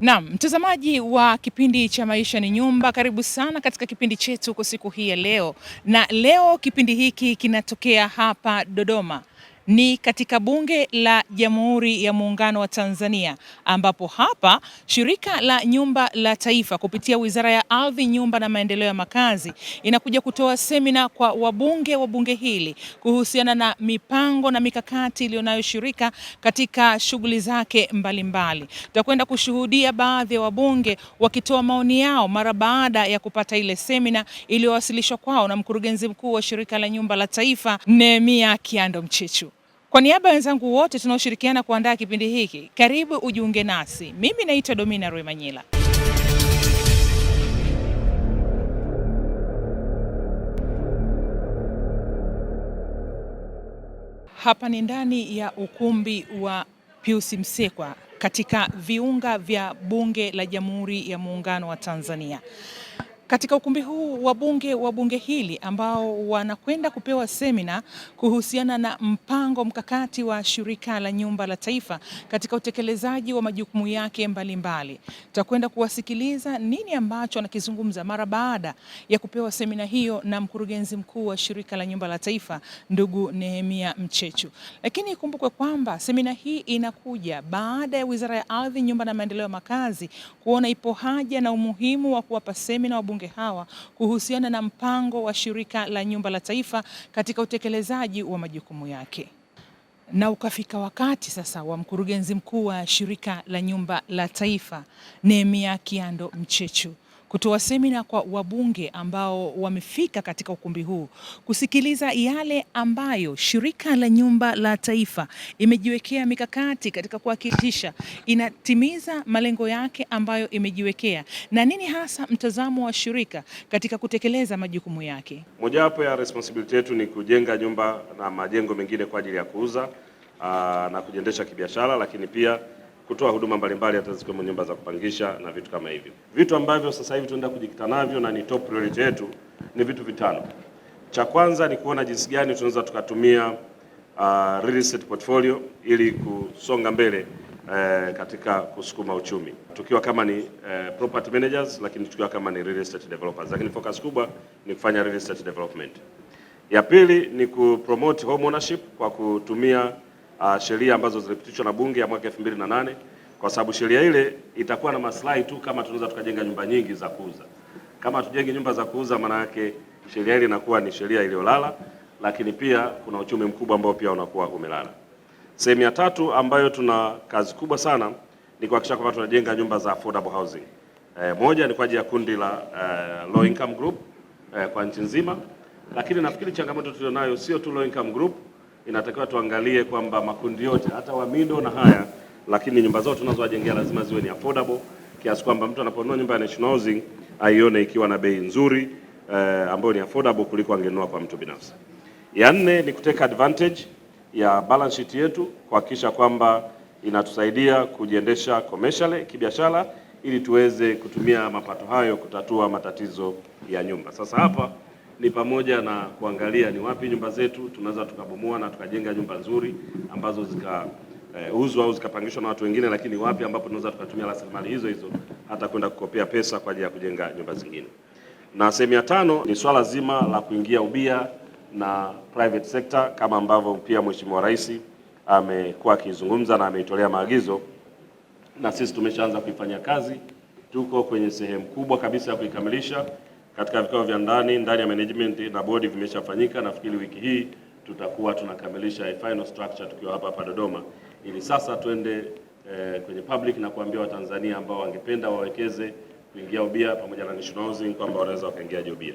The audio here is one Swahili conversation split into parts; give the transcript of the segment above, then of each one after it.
Naam, mtazamaji wa kipindi cha Maisha ni Nyumba, karibu sana katika kipindi chetu kwa siku hii ya leo, na leo kipindi hiki kinatokea hapa Dodoma ni katika Bunge la Jamhuri ya Muungano wa Tanzania ambapo hapa Shirika la Nyumba la Taifa kupitia Wizara ya Ardhi, Nyumba na Maendeleo ya Makazi inakuja kutoa semina kwa wabunge wa bunge hili kuhusiana na mipango na mikakati iliyonayo shirika katika shughuli zake mbalimbali. Tutakwenda kushuhudia baadhi ya wabunge wakitoa maoni yao mara baada ya kupata ile semina iliyowasilishwa kwao na mkurugenzi mkuu wa Shirika la Nyumba la Taifa Nehemia Kiando Mchichu. Kwa niaba ya wenzangu wote tunaoshirikiana kuandaa kipindi hiki, karibu ujiunge nasi. Mimi naitwa Domina Rwemanyila. Hapa ni ndani ya ukumbi wa Pius Msekwa katika viunga vya Bunge la Jamhuri ya Muungano wa Tanzania. Katika ukumbi huu wabunge wa bunge hili ambao wanakwenda kupewa semina kuhusiana na mpango mkakati wa Shirika la Nyumba la Taifa katika utekelezaji wa majukumu yake mbalimbali. Tutakwenda kuwasikiliza nini ambacho anakizungumza mara baada ya kupewa semina hiyo na mkurugenzi mkuu wa Shirika la Nyumba la Taifa ndugu Nehemia Mchechu. Lakini ikumbukwe kwamba semina hii inakuja baada ya Wizara ya Ardhi, Nyumba na Maendeleo ya Makazi kuona ipo haja na umuhimu wa kuwapa semina wabunge hawa kuhusiana na mpango wa Shirika la Nyumba la Taifa katika utekelezaji wa majukumu yake na ukafika wakati sasa wa mkurugenzi mkuu wa Shirika la Nyumba la Taifa Nehemia Kiando Mchechu kutoa semina kwa wabunge ambao wamefika katika ukumbi huu kusikiliza yale ambayo Shirika la Nyumba la Taifa imejiwekea mikakati katika kuhakikisha inatimiza malengo yake ambayo imejiwekea, na nini hasa mtazamo wa shirika katika kutekeleza majukumu yake. Mojawapo ya responsibility yetu ni kujenga nyumba na majengo mengine kwa ajili ya kuuza aa, na kujiendesha kibiashara, lakini pia kutoa huduma mbalimbali hata zikiwemo nyumba za kupangisha na vitu kama hivyo. Vitu ambavyo sasa hivi tunaenda kujikita navyo na ni top priority yetu ni vitu vitano. Cha kwanza ni kuona jinsi gani tunaweza tukatumia uh, real estate portfolio ili kusonga mbele uh, katika kusukuma uchumi tukiwa kama ni uh, property managers, lakini tukiwa kama ni real estate developers, lakini focus kubwa ni kufanya real estate development. Ya pili ni kupromote home ownership kwa kutumia uh, sheria ambazo zilipitishwa na bunge ya mwaka 2008 kwa sababu sheria ile itakuwa na maslahi tu kama tunaweza tukajenga nyumba nyingi za kuuza. Kama tujenge nyumba za kuuza, maana yake sheria ile inakuwa ni sheria iliyolala, lakini pia kuna uchumi mkubwa ambao pia unakuwa umelala. Sehemu ya tatu ambayo tuna kazi kubwa sana ni kuhakikisha kwamba tunajenga nyumba za affordable housing. E, moja ni kwa ajili ya kundi la uh, low income group e, kwa nchi nzima, lakini nafikiri changamoto tulionayo sio tu low income group inatakiwa tuangalie kwamba makundi yote hata wamido na haya, lakini nyumba zote tunazowajengea lazima ziwe ni affordable kiasi kwamba mtu anaponunua nyumba ya National Housing aione ikiwa na bei nzuri eh, ambayo ni affordable kuliko angenunua kwa mtu binafsi. Ya nne ni kuteka advantage ya balance sheet yetu kuhakikisha kwamba inatusaidia kujiendesha commercially kibiashara, ili tuweze kutumia mapato hayo kutatua matatizo ya nyumba. Sasa hapa ni pamoja na kuangalia ni wapi nyumba zetu tunaweza tukabomoa na tukajenga nyumba nzuri ambazo zikauzwa eh, au zikapangishwa na watu wengine, lakini wapi ambapo tunaweza tukatumia rasilimali hizo hizo hata kwenda kukopea pesa kwa ajili ya kujenga nyumba zingine. Na sehemu ya tano ni swala zima la kuingia ubia na private sector kama ambavyo pia Mheshimiwa Rais amekuwa akizungumza na ameitolea maagizo, na sisi tumeshaanza kuifanya kazi, tuko kwenye sehemu kubwa kabisa ya kuikamilisha katika vikao vya ndani ndani ya management na bodi vimeshafanyika. Nafikiri wiki hii tutakuwa tunakamilisha final structure tukiwa hapa hapa Dodoma, ili sasa twende eh, kwenye public na kuambia Watanzania ambao wangependa wawekeze kuingia ubia pamoja na National Housing kwamba wanaweza wakaingiaje ubia.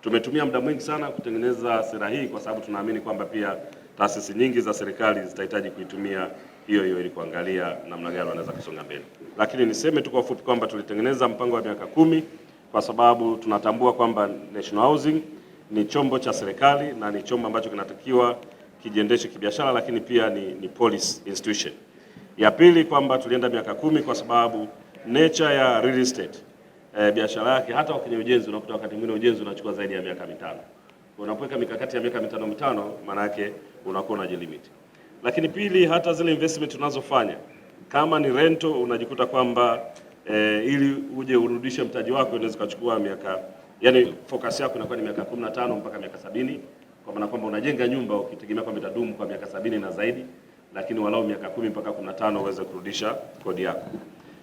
Tumetumia muda mwingi sana kutengeneza sera hii kwa sababu tunaamini kwamba pia taasisi nyingi za serikali zitahitaji kuitumia hiyo hiyo ili kuangalia namna gani wanaweza kusonga mbele, lakini niseme tu kwa ufupi kwamba tulitengeneza mpango wa miaka kumi kwa sababu tunatambua kwamba National Housing ni chombo cha serikali na ni chombo ambacho kinatakiwa kijiendeshe kibiashara, lakini pia ni, ni police institution. Ya pili kwamba tulienda miaka kumi kwa sababu nature ya real estate e, biashara yake hata kwenye ujenzi unakuta wakati mwingine ujenzi unachukua zaidi ya miaka mitano. Unapoweka mikakati ya miaka mitano mitano, maana yake unakuwa limit. Lakini pili, hata zile investment tunazofanya kama ni rento unajikuta kwamba e, ili uje urudishe mtaji wako inaweza kuchukua miaka yani, focus yako inakuwa ni miaka 15 mpaka miaka sabini, kwa maana kwamba unajenga nyumba ukitegemea kwamba itadumu kwa miaka sabini na zaidi, lakini walau miaka kumi mpaka 15 uweze kurudisha kodi yako.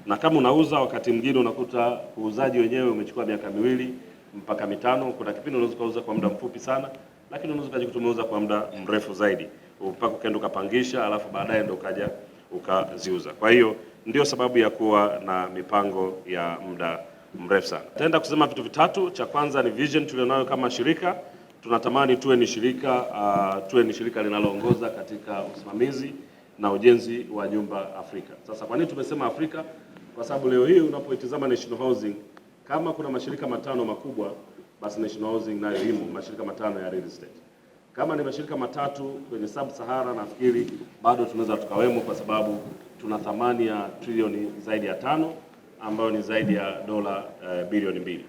Na kama unauza, wakati mwingine unakuta uuzaji wenyewe umechukua miaka miwili mpaka mitano. Kuna kipindi unaweza kuuza kwa muda mfupi sana, lakini unaweza kujikuta umeuza kwa muda mrefu zaidi mpaka ukaenda ukapangisha, alafu baadaye ndo ukaja ukaziuza. Kwa hiyo ndio sababu ya kuwa na mipango ya muda mrefu sana. Taenda kusema vitu vitatu. Cha kwanza ni vision tulionayo kama shirika, tunatamani tuwe ni shirika uh, tuwe ni shirika linaloongoza katika usimamizi na ujenzi wa nyumba Afrika. Sasa kwa nini tumesema Afrika? Kwa sababu leo hii unapoitizama National Housing, kama kuna mashirika matano makubwa, basi National Housing nayo imo, mashirika matano ya real estate. Kama ni mashirika matatu kwenye sub Sahara, nafikiri bado tunaweza tukawemo kwa sababu tuna thamani ya trilioni zaidi ya tano ambayo ni zaidi ya dola e, bilioni mbili.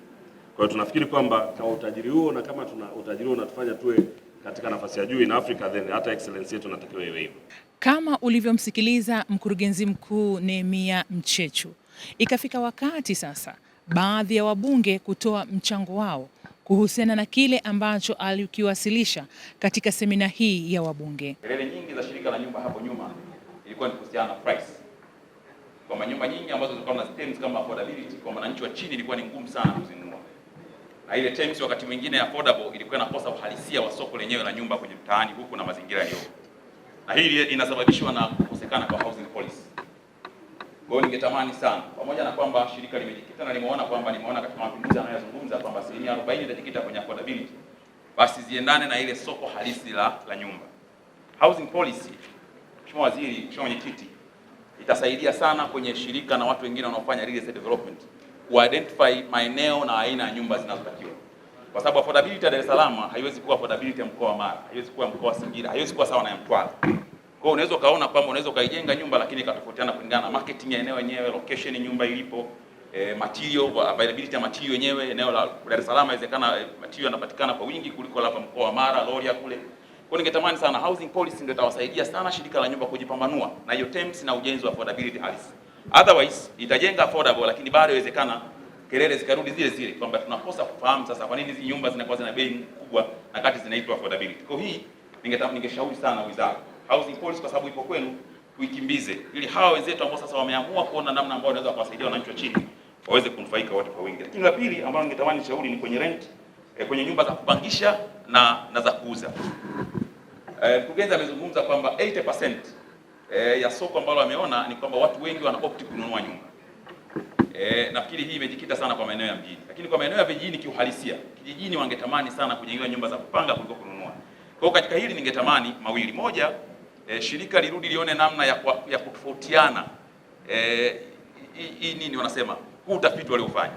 Kwa hiyo tunafikiri kwamba kama utajiri huo na kama tuna utajiri huo unatufanya tuwe katika nafasi ya juu in Africa, then hata excellence yetu natakiwa iwe hivyo. Kama ulivyomsikiliza mkurugenzi mkuu Nehemia Mchechu, ikafika wakati sasa baadhi ya wabunge kutoa mchango wao kuhusiana na kile ambacho alikiwasilisha katika semina hii ya wabunge. Kelele nyingi za shirika la nyumba hapo nyuma ilikuwa ni kuhusiana na price kwamba nyumba nyingi ambazo zilikuwa na terms kama affordability kwa wananchi wa chini ilikuwa ni ngumu sana kuzinunua, na ile terms wakati mwingine affordable ilikuwa inakosa uhalisia wa soko lenyewe la nyumba kwenye mtaani huku na mazingira yaliyo, na hili inasababishwa na kukosekana kwa housing policy. Kwa hiyo ningetamani sana, pamoja na kwamba shirika limejikita na limeona kwamba limeona katika mapinduzi anayozungumza kwamba asilimia 40 itajikita kwenye affordability, basi ziendane na ile soko halisi la, la nyumba housing policy Mheshimiwa Waziri, Mheshimiwa Mwenyekiti, itasaidia sana kwenye shirika na watu wengine wanaofanya real estate development ku identify maeneo na aina ya nyumba zinazotakiwa, kwa sababu affordability ya Dar es Salaam haiwezi kuwa affordability ya mkoa wa Mara, haiwezi kuwa mkoa wa Singida, haiwezi kuwa sawa na ya Mtwara. Kwa hiyo unaweza ukaona kwamba unaweza ukaijenga nyumba lakini ikatofautiana kulingana na marketing ya eneo yenyewe, location nyumba ilipo, eh, material availability ya material yenyewe. Eneo la Dar es Salaam inawezekana eh, material yanapatikana kwa wingi kuliko hapa mkoa wa Mara, Loria kule. Kwa ningetamani sana housing policy ndio itawasaidia sana shirika la nyumba kujipambanua na hiyo terms na ujenzi wa affordability halisi. Otherwise itajenga affordable, lakini bado inawezekana kelele zikarudi zile zile kwamba tunakosa kufahamu sasa kwa nini hizi nyumba zinakuwa zina bei kubwa na kati zinaitwa affordability. Kwa hii ningetamani, ningeshauri sana wizara housing policy, kwa sababu ipo kwenu, tuikimbize ili hawa wenzetu ambao sasa wameamua kuona namna ambayo wanaweza kuwasaidia wananchi wa chini waweze kunufaika wote kwa wingi. Lakini la pili ambalo ningetamani shauri ni kwenye rent, eh, kwenye nyumba za kupangisha na na za kuuza. Eh, Mkurugenzi eh, amezungumza kwamba 80% eh, ya soko ambalo ameona ni kwamba watu wengi wana opt kununua nyumba. Eh, nafikiri hii imejikita sana kwa maeneo ya mjini, lakini kwa maeneo ya vijijini kiuhalisia, kijijini wangetamani sana kujengewa nyumba za kupanga kuliko kununua. Kwa hiyo katika hili ningetamani mawili, moja eh, shirika lirudi lione namna ya, kwa, ya kutofautiana eh, hii nini wanasema huu utafiti waliofanya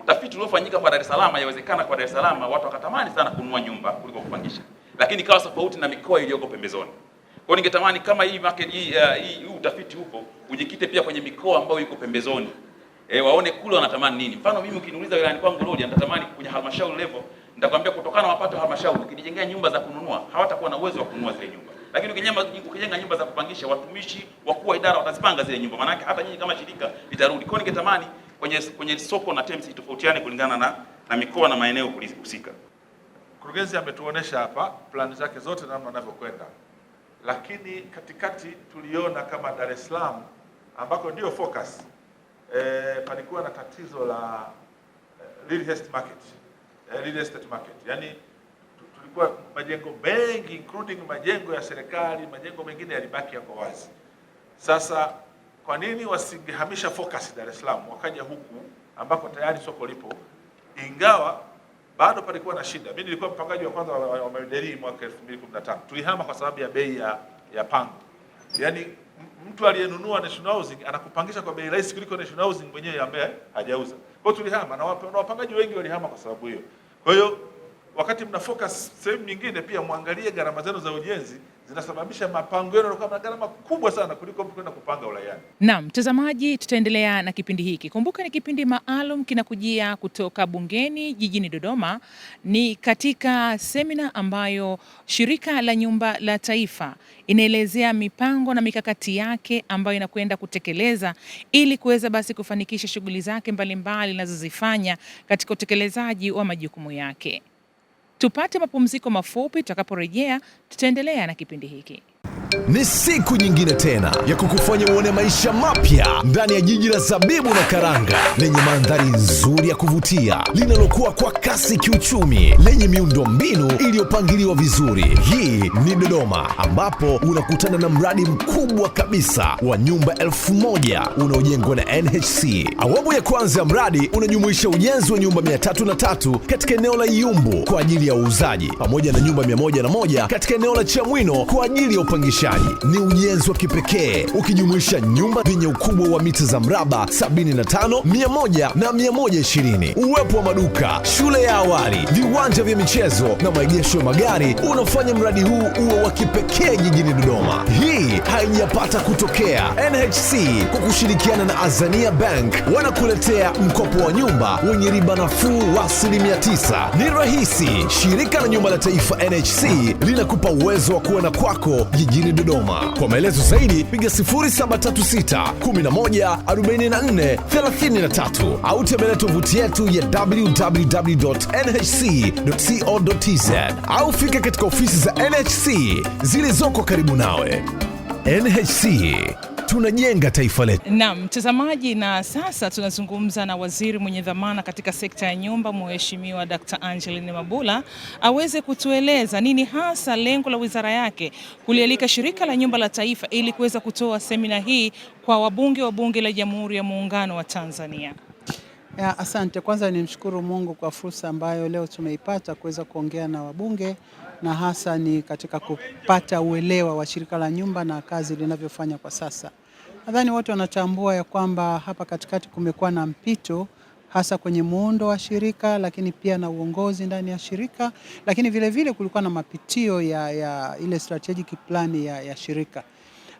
utafiti uliofanyika kwa Dar es Salaam, yawezekana kwa Dar es Salaam watu wakatamani sana kununua nyumba kuliko kupangisha lakini ikawa tofauti na mikoa iliyoko pembezoni. Kwa ningetamani kama hii market hii, uh, hii utafiti upo ujikite pia kwenye mikoa ambayo iko pembezoni. E, waone kule wanatamani nini. Mfano mimi ukiniuliza wilayani kwangu Rorya nitatamani kwenye halmashauri level nitakwambia kutokana na mapato ya halmashauri ukijengea nyumba za kununua hawatakuwa na uwezo wa kununua zile nyumba. Lakini ukijenga nyumba za kupangisha watumishi wakuu wa idara watazipanga zile nyumba. Maana hata nyinyi kama shirika litarudi. Kwa ningetamani kwenye kwenye soko na terms itofautiane kulingana na na mikoa na maeneo husika. Mkurugenzi ametuonesha hapa plani zake zote namna anavyokwenda, lakini katikati tuliona kama Dar es Salaam ambako ndio focus e, palikuwa na tatizo la e, real estate market, e, real estate market. Yani tulikuwa majengo mengi including majengo ya serikali, majengo mengine yalibaki yako wazi. Sasa kwa nini wasingehamisha focus Dar es Salaam wakaja huku ambako tayari soko lipo, ingawa bado palikuwa na shida. Mimi nilikuwa mpangaji wa kwanza wa Maiderii mwaka 2015. Tulihama kwa sababu ya bei ya, ya pango, yaani mtu aliyenunua National Housing anakupangisha kwa bei rahisi kuliko National Housing mwenyewe ambaye hajauza. Kwa hiyo tulihama na wapangaji wengi walihama kwa sababu hiyo. Kwa hiyo wakati mna focus sehemu nyingine, pia mwangalie gharama zenu za ujenzi zinasababisha mapango yenu yanakuwa na gharama kubwa sana kuliko mtu kwenda kupanga ulaiani. Naam, mtazamaji, tutaendelea na kipindi hiki. Kumbuka ni kipindi maalum kinakujia kutoka bungeni jijini Dodoma, ni katika semina ambayo shirika la nyumba la Taifa inaelezea mipango na mikakati yake ambayo inakwenda kutekeleza ili kuweza basi kufanikisha shughuli zake mbalimbali inazozifanya katika utekelezaji wa majukumu yake. Tupate mapumziko mafupi, tutakaporejea tutaendelea na kipindi hiki. Ni siku nyingine tena ya kukufanya uone maisha mapya ndani ya jiji la zabibu na karanga lenye mandhari nzuri ya kuvutia linalokuwa kwa kasi kiuchumi lenye miundo mbinu iliyopangiliwa vizuri. Hii ni Dodoma, ambapo unakutana na mradi mkubwa kabisa wa nyumba elfu moja unaojengwa na NHC. Awamu ya kwanza ya mradi unajumuisha ujenzi wa nyumba 33 katika eneo la Iyumbu kwa ajili ya uuzaji pamoja na nyumba 11 katika eneo la Chamwino kwa ajili ya upangishaji uendeshaji. Ni ujenzi wa kipekee ukijumuisha nyumba zenye ukubwa wa mita za mraba 75, na 120, uwepo wa maduka, shule ya awali, viwanja vya michezo na maegesho ya magari unafanya mradi huu uwe wa kipekee jijini Dodoma. Hii haijapata kutokea. NHC kwa kushirikiana na Azania Bank wanakuletea mkopo wa nyumba wenye riba nafuu wa asilimia 9. Ni rahisi. Shirika la Nyumba la Taifa NHC linakupa uwezo wa kuwa na kwako jijini mkoani Dodoma. Kwa maelezo zaidi piga 0736 au tembelea tovuti yetu ya www.nhc.co.tz au fika katika ofisi za NHC zilizoko karibu nawe. NHC tunajenga taifa letu. Naam, mtazamaji, na sasa tunazungumza na waziri mwenye dhamana katika sekta ya nyumba, Mheshimiwa Dr. Angeline Mabula aweze kutueleza nini hasa lengo la wizara yake kulialika Shirika la Nyumba la Taifa ili kuweza kutoa semina hii kwa wabunge wa Bunge la Jamhuri ya Muungano wa Tanzania. Ya, asante. Kwanza nimshukuru Mungu kwa fursa ambayo leo tumeipata kuweza kuongea na wabunge na hasa ni katika kupata uelewa wa Shirika la Nyumba na kazi linavyofanya kwa sasa. Nadhani watu wanatambua ya kwamba hapa katikati kumekuwa na mpito hasa kwenye muundo wa shirika, lakini pia na uongozi ndani ya shirika, lakini vile vile kulikuwa na mapitio ya, ya ile strategic plan ya, ya shirika.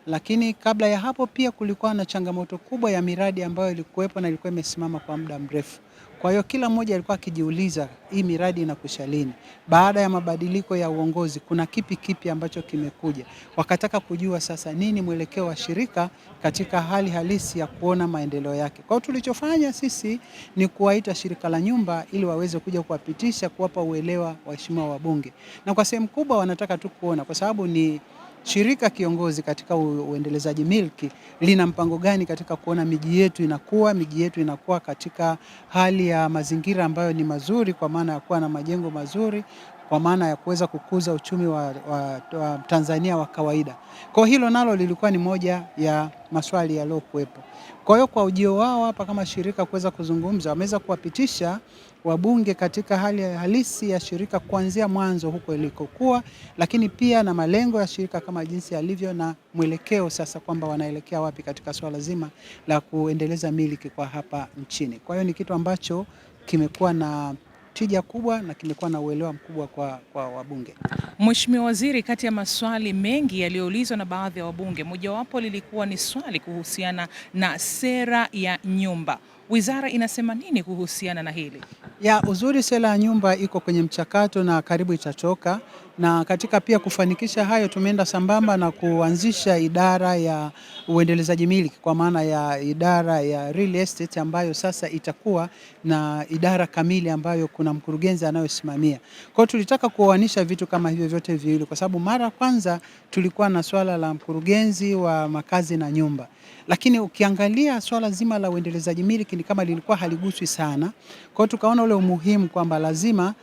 Lakini kabla ya hapo pia kulikuwa na changamoto kubwa ya miradi ambayo ilikuwepo na ilikuwa imesimama kwa muda mrefu. Kwa hiyo kila mmoja alikuwa akijiuliza hii miradi inakwisha lini? Baada ya mabadiliko ya uongozi kuna kipi kipi ambacho kimekuja? Wakataka kujua sasa nini mwelekeo wa shirika katika hali halisi ya kuona maendeleo yake. Kwa hiyo tulichofanya sisi ni kuwaita shirika la nyumba ili waweze kuja kuwapitisha, kuwapa uelewa waheshimiwa wabunge, na kwa sehemu kubwa wanataka tu kuona kwa sababu ni Shirika kiongozi katika uendelezaji milki lina mpango gani katika kuona miji yetu inakuwa miji yetu inakuwa katika hali ya mazingira ambayo ni mazuri, kwa maana ya kuwa na majengo mazuri, kwa maana ya kuweza kukuza uchumi wa, wa, wa Tanzania wa kawaida. Kwa hilo nalo lilikuwa ni moja ya maswali yaliyokuwepo. Kwa hiyo kwa ujio wao hapa kama shirika kuweza kuzungumza, wameweza kuwapitisha wabunge katika hali ya halisi ya shirika kuanzia mwanzo huko ilikokuwa, lakini pia na malengo ya shirika kama jinsi yalivyo na mwelekeo sasa kwamba wanaelekea wapi katika swala zima la kuendeleza miliki kwa hapa nchini. Kwa hiyo ni kitu ambacho kimekuwa na tija kubwa na kimekuwa na uelewa mkubwa kwa, kwa wabunge. Mheshimiwa Waziri, kati ya maswali mengi yaliyoulizwa na baadhi ya wabunge, mojawapo lilikuwa ni swali kuhusiana na sera ya nyumba wizara inasema nini kuhusiana na hili? Ya uzuri, sera ya nyumba iko kwenye mchakato na karibu itatoka na katika pia kufanikisha hayo tumeenda sambamba na kuanzisha idara ya uendelezaji miliki kwa maana ya idara ya real estate ambayo sasa itakuwa na idara kamili ambayo kuna mkurugenzi anayosimamia. Kwa hiyo tulitaka kuoanisha vitu kama hivyo vyote viwili, kwa sababu mara kwanza tulikuwa na swala la mkurugenzi wa makazi na nyumba, lakini ukiangalia swala zima la uendelezaji miliki ni kama lilikuwa haliguswi sana. Kwa hiyo tukaona ule umuhimu kwamba lazima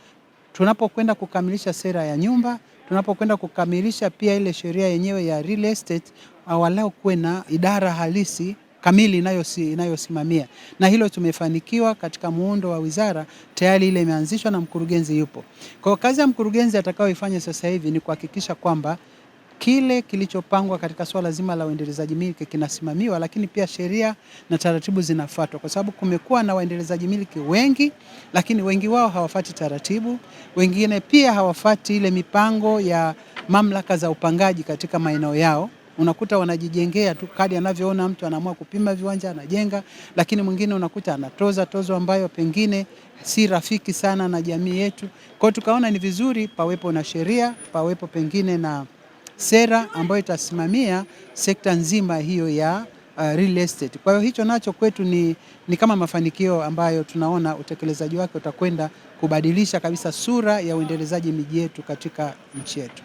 tunapokwenda kukamilisha sera ya nyumba, tunapokwenda kukamilisha pia ile sheria yenyewe ya real estate, awalau kuwe na idara halisi kamili inayosimamia na hilo tumefanikiwa katika muundo wa wizara tayari, ile imeanzishwa na mkurugenzi yupo. Kwa kazi ya mkurugenzi atakayoifanya sasa hivi ni kuhakikisha kwamba kile kilichopangwa katika swala zima la uendelezaji miliki kinasimamiwa, lakini pia sheria na taratibu zinafuatwa, kwa sababu kumekuwa na waendelezaji miliki wengi, lakini wengi wao hawafati taratibu, wengine pia hawafati ile mipango ya mamlaka za upangaji katika maeneo yao. Unakuta wanajijengea tu kadi anavyoona mtu, anaamua kupima viwanja anajenga, lakini mwingine unakuta anatoza tozo ambayo pengine si rafiki sana na jamii yetu. Kwa hiyo tukaona ni vizuri pawepo na sheria, pawepo pengine na sera ambayo itasimamia sekta nzima hiyo ya uh, real estate. Kwa hiyo hicho nacho kwetu ni, ni kama mafanikio ambayo tunaona utekelezaji wake utakwenda kubadilisha kabisa sura ya uendelezaji miji yetu katika nchi yetu.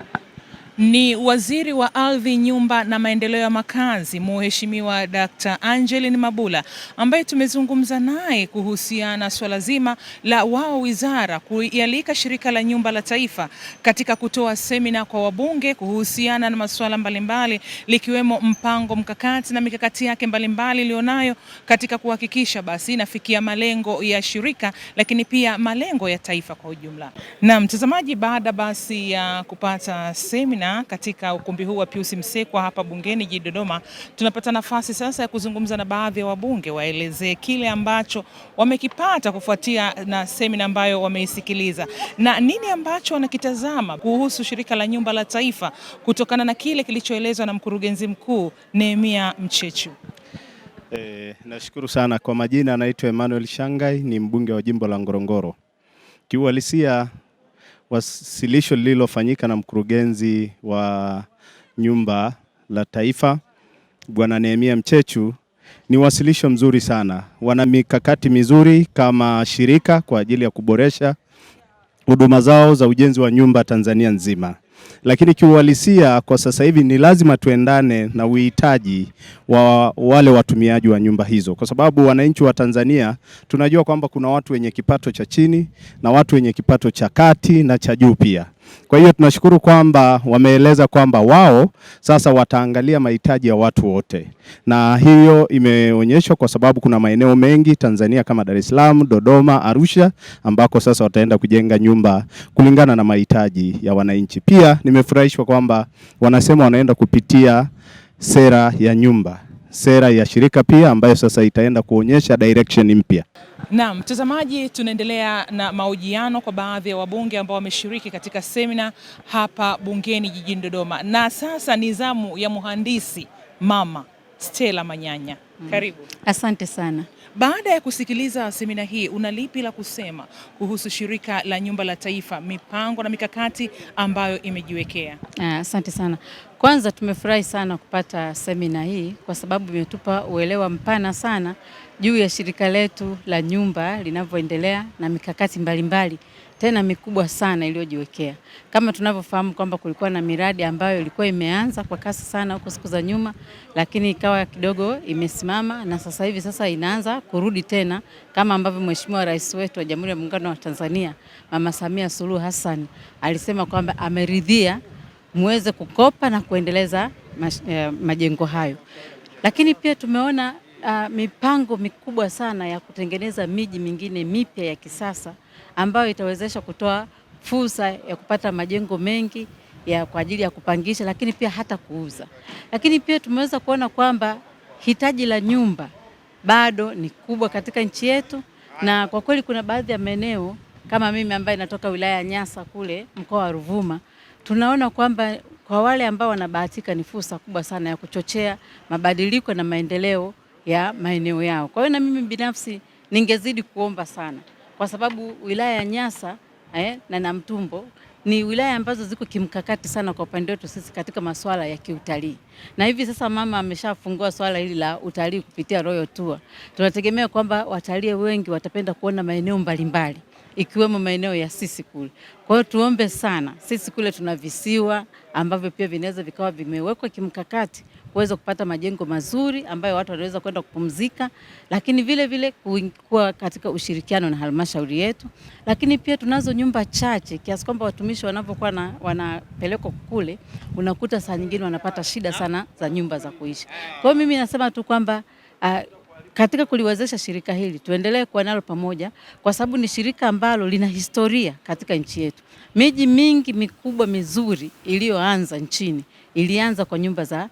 Ni Waziri wa Ardhi, Nyumba na Maendeleo ya Makazi, Mheshimiwa Dkt. Angeline Mabula ambaye tumezungumza naye kuhusiana swala zima la wao wizara kuialika Shirika la Nyumba la Taifa katika kutoa semina kwa wabunge kuhusiana na masuala mbalimbali likiwemo mpango mkakati na mikakati yake mbalimbali iliyonayo katika kuhakikisha basi inafikia malengo ya shirika lakini pia malengo ya taifa kwa ujumla. Na mtazamaji, baada basi ya kupata semina tena katika ukumbi huu wa Pius Msekwa hapa bungeni jijini Dodoma, tunapata nafasi sasa ya kuzungumza na baadhi ya wabunge waelezee kile ambacho wamekipata kufuatia na semina ambayo wameisikiliza na nini ambacho wanakitazama kuhusu shirika la nyumba la taifa kutokana na kile kilichoelezwa na mkurugenzi mkuu Nehemia Mchechu. E, nashukuru sana kwa majina, anaitwa Emmanuel Shangai, ni mbunge wa jimbo la Ngorongoro. Kiuhalisia wasilisho lililofanyika na mkurugenzi wa nyumba la taifa Bwana Nehemia Mchechu ni wasilisho mzuri sana. Wana mikakati mizuri kama shirika kwa ajili ya kuboresha huduma zao za ujenzi wa nyumba Tanzania nzima lakini kiuhalisia kwa sasa hivi ni lazima tuendane na uhitaji wa wale watumiaji wa nyumba hizo, kwa sababu wananchi wa Tanzania tunajua kwamba kuna watu wenye kipato cha chini na watu wenye kipato cha kati na cha juu pia. Kwa hiyo tunashukuru kwamba wameeleza kwamba wao sasa wataangalia mahitaji ya watu wote, na hiyo imeonyeshwa kwa sababu kuna maeneo mengi Tanzania kama Dar es Salaam, Dodoma, Arusha ambako sasa wataenda kujenga nyumba kulingana na mahitaji ya wananchi. Pia nimefurahishwa kwamba wanasema wanaenda kupitia sera ya nyumba, sera ya shirika pia ambayo sasa itaenda kuonyesha direction mpya. Naam, mtazamaji, tunaendelea na mahojiano kwa baadhi ya wabunge ambao wameshiriki katika semina hapa bungeni jijini Dodoma, na sasa ni zamu ya mhandisi mama Stella Manyanya. Mm. Karibu. Asante sana. Baada ya kusikiliza semina hii, una lipi la kusema kuhusu Shirika la Nyumba la Taifa, mipango na mikakati ambayo imejiwekea? Ah, asante sana. Kwanza tumefurahi sana kupata semina hii kwa sababu imetupa uelewa mpana sana juu ya shirika letu la nyumba linavyoendelea na mikakati mbalimbali mbali, tena mikubwa sana iliyojiwekea. Kama tunavyofahamu kwamba kulikuwa na miradi ambayo ilikuwa imeanza kwa kasi sana huko siku za nyuma, lakini ikawa kidogo imesimama na sasa hivi sasa inaanza kurudi tena, kama ambavyo Mheshimiwa Rais wetu wa Jamhuri ya Muungano wa Tanzania Mama Samia Suluhu Hassan alisema kwamba ameridhia muweze kukopa na kuendeleza eh, majengo hayo. Lakini pia tumeona uh, mipango mikubwa sana ya kutengeneza miji mingine mipya ya kisasa ambayo itawezesha kutoa fursa ya kupata majengo mengi ya kwa ajili ya kupangisha, lakini pia hata kuuza. Lakini pia tumeweza kuona kwamba hitaji la nyumba bado ni kubwa katika nchi yetu, na kwa kweli kuna baadhi ya maeneo kama mimi ambaye natoka wilaya ya Nyasa kule mkoa wa Ruvuma tunaona kwamba kwa wale ambao wanabahatika ni fursa kubwa sana ya kuchochea mabadiliko na maendeleo ya maeneo yao. Kwa hiyo na mimi binafsi ningezidi kuomba sana, kwa sababu wilaya ya Nyasa eh, na Namtumbo ni wilaya ambazo ziko kimkakati sana kwa upande wetu sisi katika masuala ya kiutalii, na hivi sasa mama ameshafungua swala hili la utalii kupitia Royal Tour. Tunategemea kwamba watalii wengi watapenda kuona maeneo mbalimbali ikiwemo maeneo ya sisi kule. Kwa hiyo tuombe sana, sisi kule tuna visiwa ambavyo pia vinaweza vikawa vimewekwa kimkakati kuweza kupata majengo mazuri ambayo watu wanaweza kwenda kupumzika, lakini vile vile kuwa katika ushirikiano na halmashauri yetu. Lakini pia tunazo nyumba chache kiasi kwamba watumishi wanapokuwa na wanapelekwa kule, unakuta saa nyingine wanapata shida sana za nyumba za kuishi. Kwa hiyo mimi nasema tu kwamba uh, katika kuliwezesha shirika hili tuendelee kuwa nalo pamoja, kwa sababu ni shirika ambalo lina historia katika nchi yetu. Miji mingi mikubwa mizuri iliyoanza nchini ilianza kwa nyumba za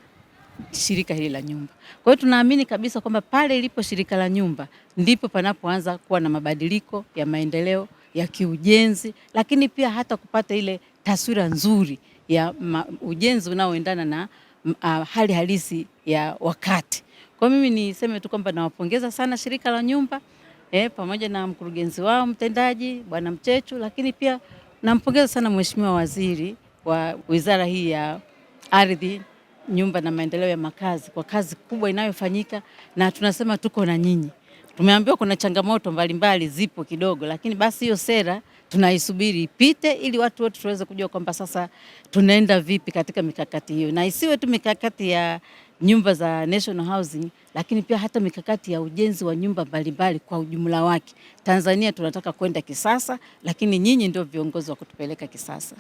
shirika hili la nyumba. Kwa hiyo tunaamini kabisa kwamba pale ilipo shirika la nyumba ndipo panapoanza kuwa na mabadiliko ya maendeleo ya kiujenzi, lakini pia hata kupata ile taswira nzuri ya ujenzi unaoendana na uh, hali halisi ya wakati. Kwa mimi niseme tu kwamba nawapongeza sana shirika la nyumba eh, pamoja na mkurugenzi wao mtendaji Bwana Mchechu, lakini pia nampongeza sana Mheshimiwa Waziri wa wizara hii ya ardhi, nyumba na maendeleo ya makazi kwa kazi kubwa inayofanyika, na tunasema tuko na nyinyi. Tumeambiwa kuna changamoto mbalimbali mbali, zipo kidogo, lakini basi hiyo sera tunaisubiri ipite ili watu wote tuweze kujua kwamba sasa tunaenda vipi katika mikakati hiyo, na isiwe tu mikakati ya nyumba za National Housing lakini pia hata mikakati ya ujenzi wa nyumba mbalimbali kwa ujumla wake. Tanzania tunataka kwenda kisasa, lakini nyinyi ndio viongozi wa kutupeleka kisasa.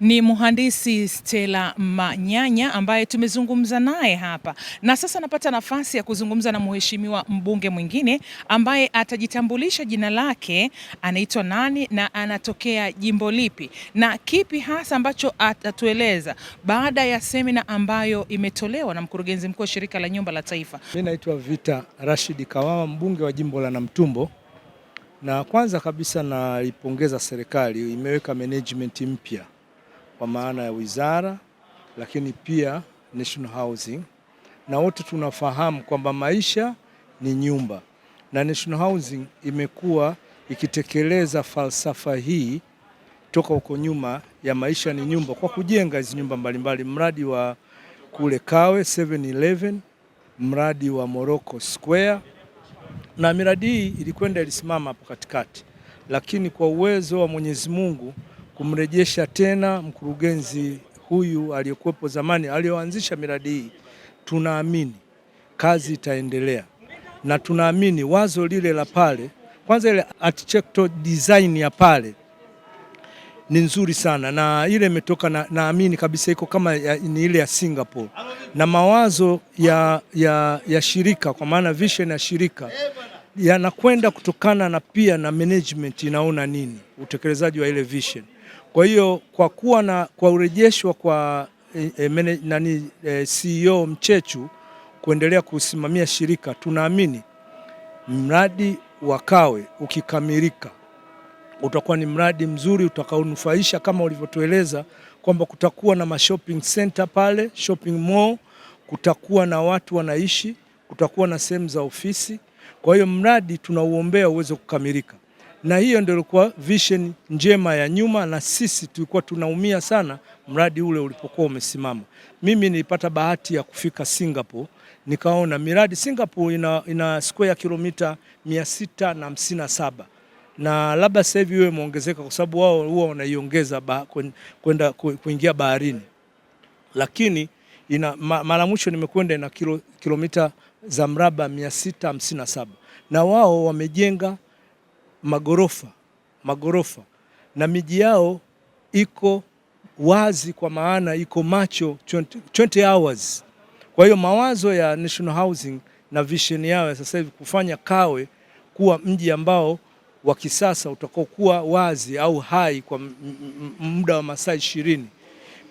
Ni mhandisi Stella Manyanya ambaye tumezungumza naye hapa, na sasa napata nafasi ya kuzungumza na mheshimiwa mbunge mwingine ambaye atajitambulisha jina lake, anaitwa nani na anatokea jimbo lipi na kipi hasa ambacho atatueleza baada ya semina ambayo imetolewa na mkurugenzi mkuu wa shirika la nyumba la taifa. Mina naitwa Vita Rashid Kawawa, mbunge wa jimbo la Namtumbo. Na kwanza kabisa naipongeza serikali, imeweka management mpya kwa maana ya wizara, lakini pia National Housing, na wote tunafahamu kwamba maisha ni nyumba, na National Housing imekuwa ikitekeleza falsafa hii toka huko nyuma ya maisha ni nyumba, kwa kujenga hizi nyumba mbalimbali, mradi wa kule Kawe 711 mradi wa Morocco Square, na miradi hii ilikwenda ilisimama hapo katikati, lakini kwa uwezo wa Mwenyezi Mungu kumrejesha tena mkurugenzi huyu aliyekuwepo zamani aliyoanzisha miradi hii, tunaamini kazi itaendelea na tunaamini wazo lile la pale kwanza, ile architectural design ya pale ni nzuri sana na ile imetoka na, naamini kabisa iko kama ya, ni ile ya Singapore na mawazo ya, ya, ya shirika kwa maana vision ya shirika yanakwenda kutokana na pia na management inaona nini utekelezaji wa ile vision. Kwa hiyo kwa kuwa na kwa urejeshwa kwa e, e, mene, nani, eh, e, CEO Mchechu kuendelea kusimamia shirika, tunaamini mradi wa Kawe ukikamilika utakuwa ni mradi mzuri utakaonufaisha kama ulivyotueleza kwamba kutakuwa na shopping center pale, shopping mall, kutakuwa na watu wanaishi, kutakuwa na sehemu za ofisi. Kwa hiyo mradi tunauombea uweze kukamilika, na hiyo ndio ilikuwa vision njema ya nyuma, na sisi tulikuwa tunaumia sana mradi ule ulipokuwa umesimama. Mimi nilipata bahati ya kufika Singapore, nikaona miradi Singapore ina, ina square ya kilomita 657 na labda sasa hivi iwe imeongezeka, kwa sababu wao huwa wanaiongeza ba, kwenda kuingia baharini, lakini ina mara mwisho nimekwenda ina kilo, kilomita za mraba 657 na wao wamejenga magorofa magorofa na miji yao iko wazi kwa maana iko macho 20, 20 hours. Kwa hiyo mawazo ya National Housing na vision yao ya sasa hivi kufanya Kawe kuwa mji ambao wa kisasa utakaokuwa wazi au hai kwa muda wa masaa ishirini,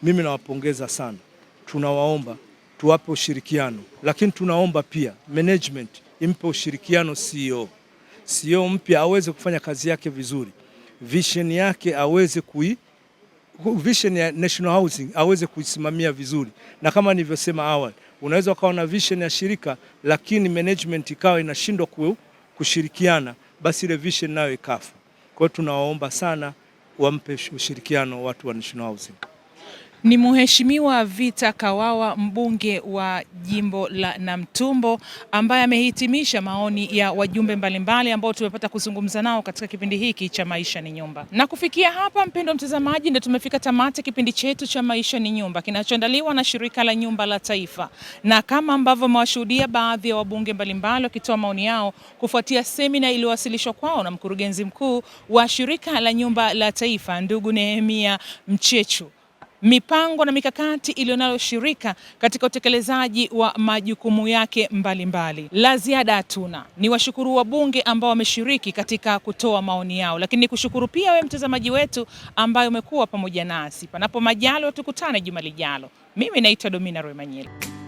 mimi nawapongeza sana. Tunawaomba tuwape ushirikiano, lakini tunaomba pia management impe ushirikiano CEO, CEO mpya aweze kufanya kazi yake vizuri, vision yake aweze kui vision ya National Housing aweze kuisimamia vizuri, na kama nilivyosema awali, unaweza ukawa na vision ya shirika lakini management ikawa inashindwa kushirikiana basi ile vision nayo ikafa. Kwa hiyo tunawaomba sana wampe ushirikiano watu wa National Housing. Ni Mheshimiwa Vita Kawawa mbunge wa jimbo la Namtumbo ambaye amehitimisha maoni ya wajumbe mbalimbali ambao tumepata kuzungumza nao katika kipindi hiki cha Maisha ni Nyumba. Na kufikia hapa, mpendo mtazamaji, ndio tumefika tamati kipindi chetu cha Maisha ni Nyumba kinachoandaliwa na Shirika la Nyumba la Taifa, na kama ambavyo mewashuhudia baadhi ya wabunge mbalimbali wakitoa maoni yao kufuatia semina iliyowasilishwa kwao na mkurugenzi mkuu wa Shirika la Nyumba la Taifa ndugu Nehemia Mchechu mipango na mikakati iliyonayo shirika katika utekelezaji wa majukumu yake mbalimbali. La ziada hatuna, ni washukuru wabunge ambao wameshiriki katika kutoa maoni yao, lakini kushukuru pia wewe mtazamaji wetu ambaye umekuwa pamoja nasi. Panapo majalo, tukutane juma lijalo. Mimi naitwa Domina Roemanyela.